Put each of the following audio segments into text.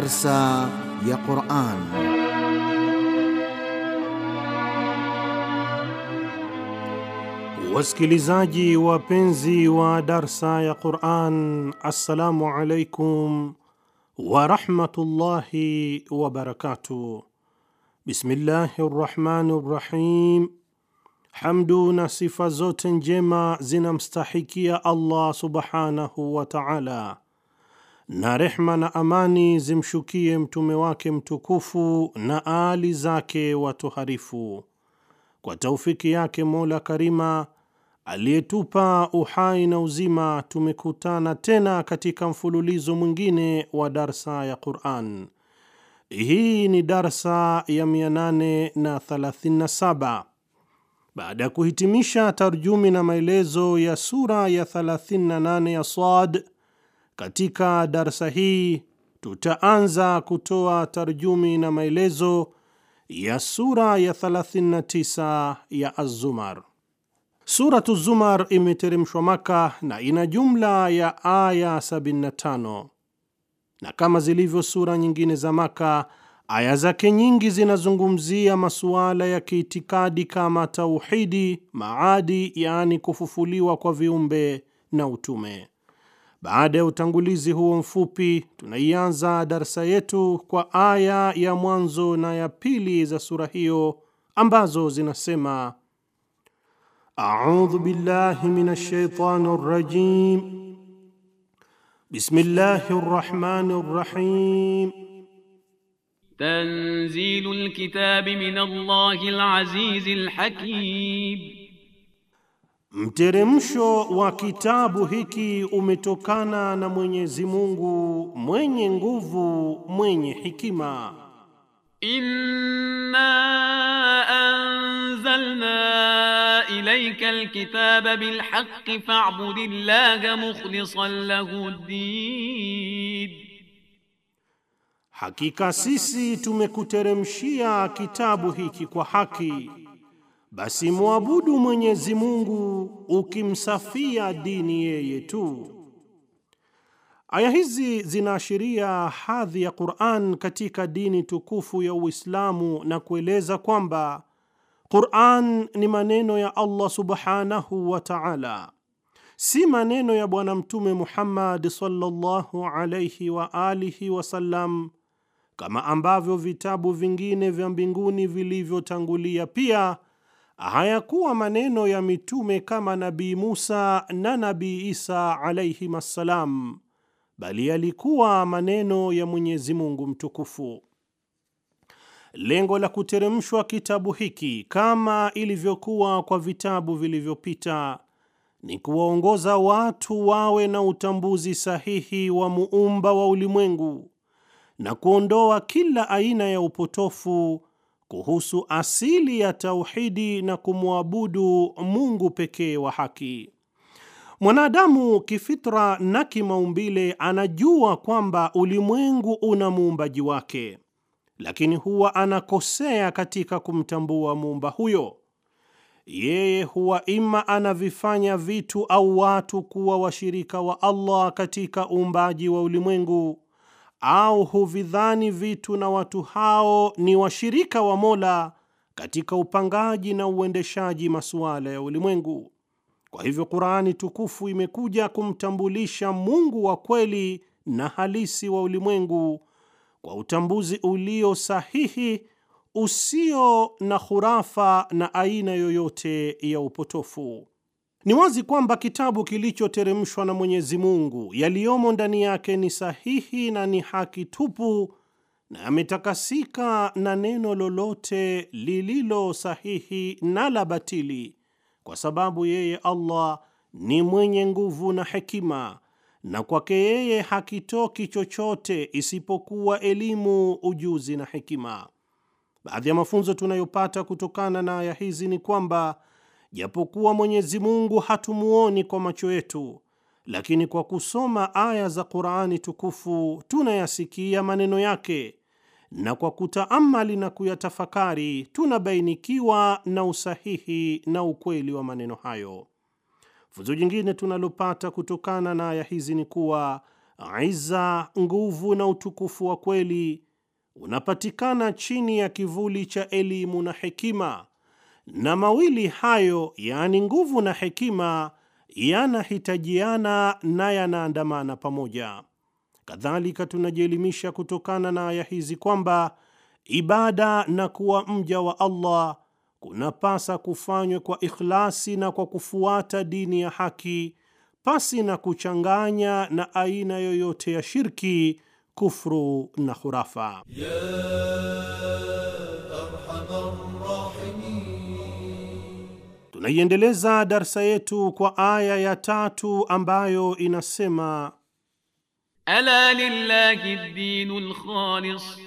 darsa ya Quran. Wasikilizaji wapenzi wa darsa ya Quran, assalamu alaikum wa wabarakatuh wa barakatuh. Bismillahi rrahmani rrahim. Hamdu na sifa zote njema zinamstahikia Allah subhanahu wa ta'ala na rehma na amani zimshukie mtume wake mtukufu na aali zake watoharifu. Kwa taufiki yake Mola Karima aliyetupa uhai na uzima, tumekutana tena katika mfululizo mwingine wa darsa ya Quran. Hii ni darsa ya 837 baada ya kuhitimisha tarjumi na maelezo ya sura ya 38 ya Sad. Katika darsa hii tutaanza kutoa tarjumi na maelezo ya sura ya 39 ya Az-Zumar. Suratu Zumar imeteremshwa Maka na ina jumla ya aya 75, na kama zilivyo sura nyingine za Maka, aya zake nyingi zinazungumzia masuala ya kiitikadi kama tauhidi, maadi, yaani kufufuliwa kwa viumbe na utume. Baada ya utangulizi huo mfupi, tunaianza darsa yetu kwa aya ya mwanzo na ya pili za sura hiyo ambazo zinasema: audhu billahi minash shaitani rrajim bismillahi rrahmani rrahim tanzilul kitabi minallahi alazizil hakim Mteremsho wa kitabu hiki umetokana na Mwenyezi Mungu mwenye nguvu, mwenye hikima. Inna anzalna ilayka alkitaba bilhaqqi fa'budillaha mukhlishan lahu ddin, hakika sisi tumekuteremshia kitabu hiki kwa haki basi muabudu Mwenyezi Mungu ukimsafia dini yeye tu. Aya hizi zinaashiria hadhi ya Qur'an katika dini tukufu ya Uislamu na kueleza kwamba Qur'an ni maneno ya Allah Subhanahu wa Ta'ala, si maneno ya Bwana Mtume Muhammad sallallahu alayhi wa alihi wasallam, kama ambavyo vitabu vingine vya mbinguni vilivyotangulia pia hayakuwa maneno ya mitume kama Nabii Musa na Nabii Isa alayhim assalam, bali yalikuwa maneno ya Mwenyezi Mungu Mtukufu. Lengo la kuteremshwa kitabu hiki kama ilivyokuwa kwa vitabu vilivyopita ni kuwaongoza watu wawe na utambuzi sahihi wa muumba wa ulimwengu na kuondoa kila aina ya upotofu kuhusu asili ya tauhidi na kumwabudu Mungu pekee wa haki. Mwanadamu kifitra na kimaumbile anajua kwamba ulimwengu una muumbaji wake, lakini huwa anakosea katika kumtambua muumba huyo. Yeye huwa ima anavifanya vitu au watu kuwa washirika wa Allah katika uumbaji wa ulimwengu au huvidhani vitu na watu hao ni washirika wa Mola katika upangaji na uendeshaji masuala ya ulimwengu. Kwa hivyo, Qur'ani tukufu imekuja kumtambulisha Mungu wa kweli na halisi wa ulimwengu kwa utambuzi ulio sahihi, usio na khurafa na aina yoyote ya upotofu. Ni wazi kwamba kitabu kilichoteremshwa na Mwenyezi Mungu, yaliyomo ndani yake ni sahihi na ni haki tupu na yametakasika na neno lolote lililo sahihi na la batili, kwa sababu yeye Allah ni mwenye nguvu na hekima, na kwake yeye hakitoki chochote isipokuwa elimu, ujuzi na hekima. Baadhi ya mafunzo tunayopata kutokana na aya hizi ni kwamba Japokuwa Mwenyezi Mungu hatumuoni kwa macho yetu, lakini kwa kusoma aya za Qur'ani tukufu tunayasikia maneno yake, na kwa kutaamali na kuyatafakari tunabainikiwa na usahihi na ukweli wa maneno hayo. Funzo jingine tunalopata kutokana na aya hizi ni kuwa iza nguvu na utukufu wa kweli unapatikana chini ya kivuli cha elimu na hekima na mawili hayo, yaani nguvu na hekima, yanahitajiana na yanaandamana pamoja. Kadhalika tunajielimisha kutokana na aya hizi kwamba ibada na kuwa mja wa Allah kunapasa kufanywe kwa ikhlasi na kwa kufuata dini ya haki pasi na kuchanganya na aina yoyote ya shirki, kufru na khurafa yeah. Tunaiendeleza darsa yetu kwa aya ya tatu ambayo inasema ala lillahi dinul lkhalis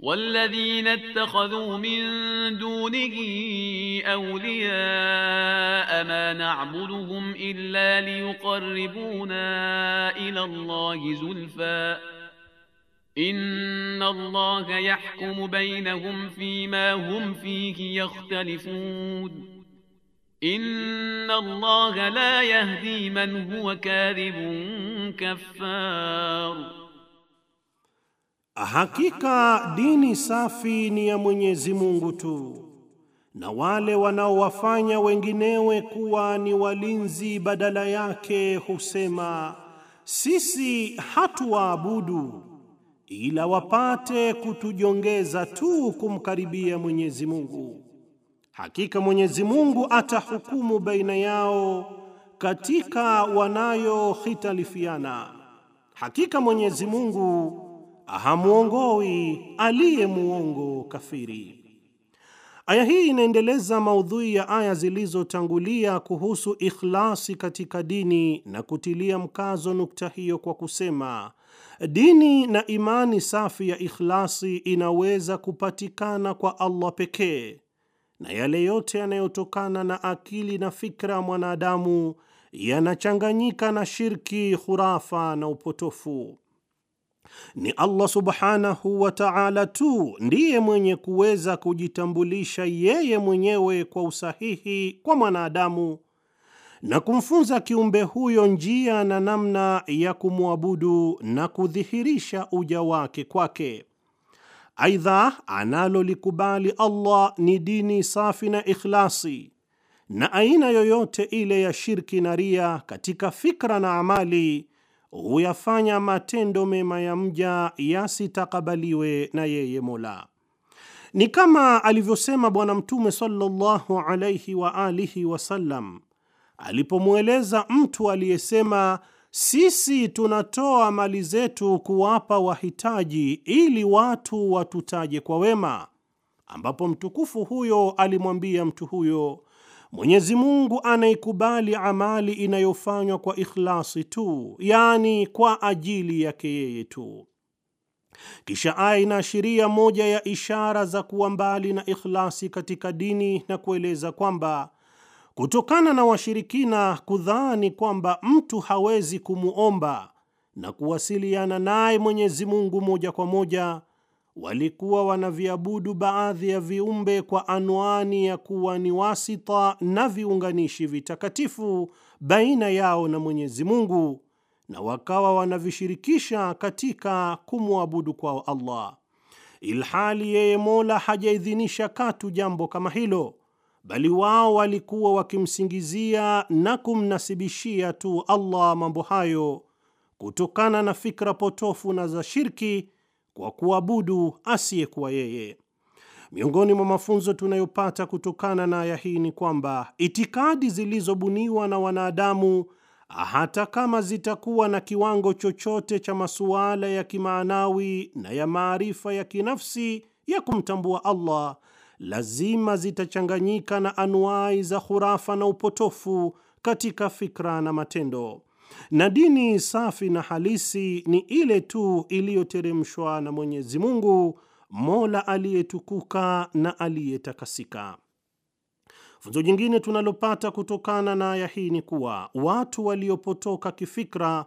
walladhina ittakhadhu min dunihi awliya ma na'buduhum illa liyuqarribuna ila Allahi zulfa inna Allaha yahkumu bainahum fima hum fihi yakhtalifun Inna Allah la yahdi man huwa kadhibun kafar, hakika dini safi ni ya Mwenyezi Mungu tu, na wale wanaowafanya wenginewe kuwa ni walinzi badala yake husema sisi hatuwaabudu ila wapate kutujongeza tu kumkaribia Mwenyezi Mungu. Hakika Mwenyezi Mungu atahukumu baina yao katika wanayohitalifiana. Hakika Mwenyezi Mungu hamwongoi aliye muongo kafiri. Aya hii inaendeleza maudhui ya aya zilizotangulia kuhusu ikhlasi katika dini na kutilia mkazo nukta hiyo kwa kusema, dini na imani safi ya ikhlasi inaweza kupatikana kwa Allah pekee na yale yote yanayotokana na akili na fikra ya mwanadamu yanachanganyika na shirki, khurafa na upotofu. Ni Allah subhanahu wa ta'ala tu ndiye mwenye kuweza kujitambulisha yeye mwenyewe kwa usahihi kwa mwanadamu na kumfunza kiumbe huyo njia na namna ya kumwabudu na kudhihirisha uja wake kwake. Aidha, analolikubali Allah ni dini safi na ikhlasi, na aina yoyote ile ya shirki na ria katika fikra na amali huyafanya matendo mema ya mja yasitakabaliwe na yeye Mola. Ni kama alivyosema Bwana Mtume sallallahu alaihi wa alihi wasallam alipomweleza mtu aliyesema sisi tunatoa mali zetu kuwapa wahitaji ili watu watutaje kwa wema, ambapo mtukufu huyo alimwambia mtu huyo, Mwenyezi Mungu anaikubali amali inayofanywa kwa ikhlasi tu, yaani kwa ajili yake yeye tu. Kisha aya inaashiria moja ya ishara za kuwa mbali na ikhlasi katika dini na kueleza kwamba kutokana na washirikina kudhani kwamba mtu hawezi kumwomba na kuwasiliana naye Mwenyezi Mungu moja kwa moja, walikuwa wanaviabudu baadhi ya viumbe kwa anwani ya kuwa ni wasita na viunganishi vitakatifu baina yao na Mwenyezi Mungu, na wakawa wanavishirikisha katika kumwabudu kwao Allah, ilhali yeye Mola hajaidhinisha katu jambo kama hilo bali wao walikuwa wakimsingizia na kumnasibishia tu Allah mambo hayo kutokana na fikra potofu na za shirki kwa kuabudu asiyekuwa yeye. Miongoni mwa mafunzo tunayopata kutokana na aya hii ni kwamba itikadi zilizobuniwa na wanadamu, hata kama zitakuwa na kiwango chochote cha masuala ya kimaanawi na ya maarifa ya kinafsi ya kumtambua Allah lazima zitachanganyika na anuai za hurafa na upotofu katika fikra na matendo, na dini safi na halisi ni ile tu iliyoteremshwa na Mwenyezi Mungu, mola aliyetukuka na aliyetakasika. Funzo jingine tunalopata kutokana na aya hii ni kuwa watu waliopotoka kifikra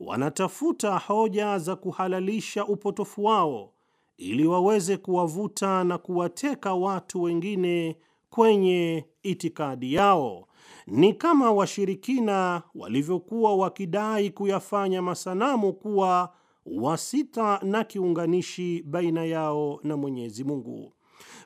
wanatafuta hoja za kuhalalisha upotofu wao ili waweze kuwavuta na kuwateka watu wengine kwenye itikadi yao, ni kama washirikina walivyokuwa wakidai kuyafanya masanamu kuwa wasita na kiunganishi baina yao na Mwenyezi Mungu.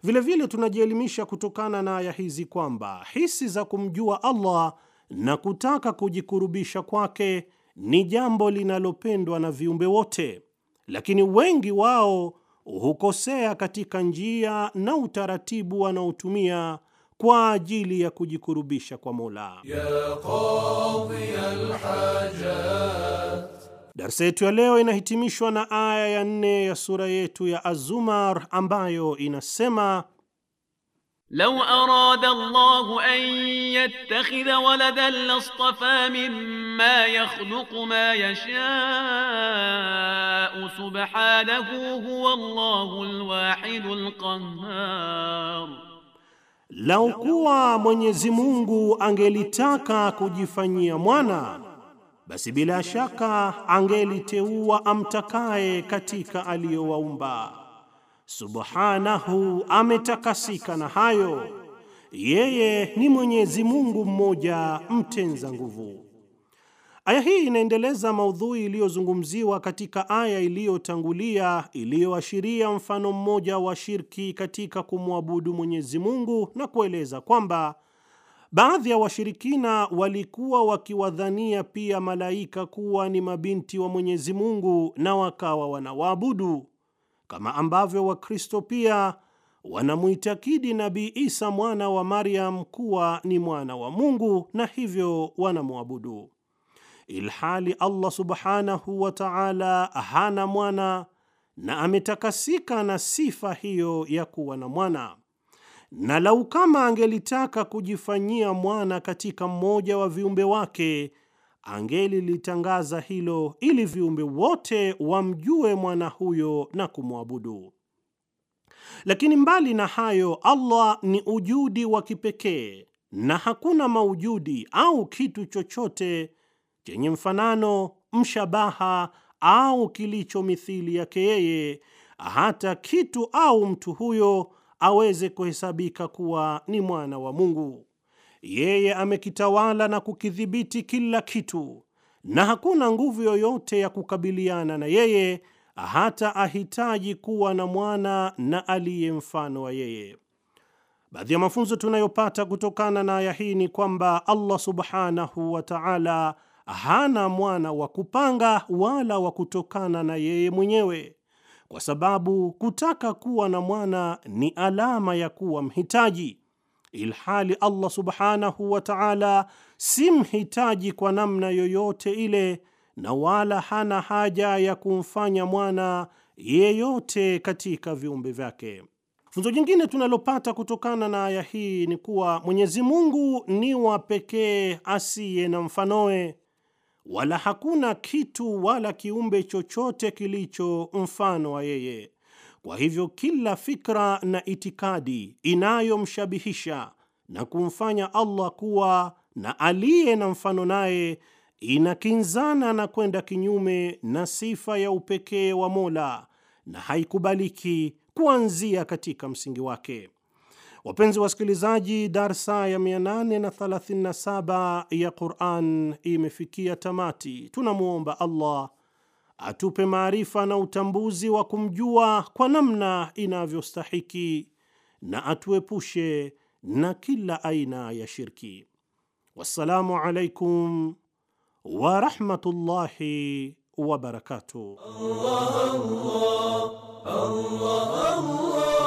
Vilevile tunajielimisha kutokana na aya hizi kwamba hisi za kumjua Allah na kutaka kujikurubisha kwake ni jambo linalopendwa na viumbe wote, lakini wengi wao hukosea katika njia na utaratibu wanaotumia kwa ajili ya kujikurubisha kwa Mola Darsa yetu ya leo inahitimishwa na aya ya nne ya sura yetu ya Azumar ambayo inasema لو أراد الله أن يتخذ ولدا لاصطفى مما يخلق ma يشاء سبحانه هو الله الواحد القهار, lau kuwa Mwenyezi Mungu angelitaka kujifanyia mwana, basi bila shaka angeliteua amtakaye katika aliyowaumba subhanahu, ametakasika na hayo. Yeye ni Mwenyezi Mungu mmoja mtenza nguvu. Aya hii inaendeleza maudhui iliyozungumziwa katika aya iliyotangulia iliyoashiria mfano mmoja wa shirki katika kumwabudu Mwenyezi Mungu na kueleza kwamba baadhi ya washirikina walikuwa wakiwadhania pia malaika kuwa ni mabinti wa Mwenyezi Mungu na wakawa wanawaabudu kama ambavyo Wakristo pia wanamwitakidi Nabii Isa mwana wa Maryam kuwa ni mwana wa Mungu na hivyo wanamwabudu, ilhali Allah subhanahu wa taala hana mwana na ametakasika na sifa hiyo ya kuwa na mwana. Na lau kama angelitaka kujifanyia mwana katika mmoja wa viumbe wake angelilitangaza hilo ili viumbe wote wamjue mwana huyo na kumwabudu. Lakini mbali na hayo, Allah ni ujudi wa kipekee na hakuna maujudi au kitu chochote chenye mfanano, mshabaha au kilicho mithili yake yeye, hata kitu au mtu huyo aweze kuhesabika kuwa ni mwana wa Mungu. Yeye amekitawala na kukidhibiti kila kitu, na hakuna nguvu yoyote ya kukabiliana na yeye, hata ahitaji kuwa na mwana na aliye mfano wa yeye. Baadhi ya mafunzo tunayopata kutokana na aya hii ni kwamba Allah subhanahu wa ta'ala hana mwana wa kupanga wala wa kutokana na yeye mwenyewe, kwa sababu kutaka kuwa na mwana ni alama ya kuwa mhitaji ilhali Allah subhanahu wa ta'ala si mhitaji kwa namna yoyote ile, na wala hana haja ya kumfanya mwana yeyote katika viumbe vyake. Funzo jingine tunalopata kutokana na aya hii ni kuwa Mwenyezi Mungu ni wa pekee asiye na mfanoe, wala hakuna kitu wala kiumbe chochote kilicho mfano wa yeye. Kwa hivyo kila fikra na itikadi inayomshabihisha na kumfanya Allah kuwa na aliye na mfano naye inakinzana na kwenda kinyume na sifa ya upekee wa Mola na haikubaliki kuanzia katika msingi wake. Wapenzi wasikilizaji, darsa ya 837 ya Qur'an imefikia tamati. Tunamwomba Allah atupe maarifa na utambuzi wa kumjua kwa namna inavyostahiki na atuepushe na kila aina ya shirki. Wassalamu alaikum warahmatullahi wabarakatuh. Allah, Allah, Allah, Allah.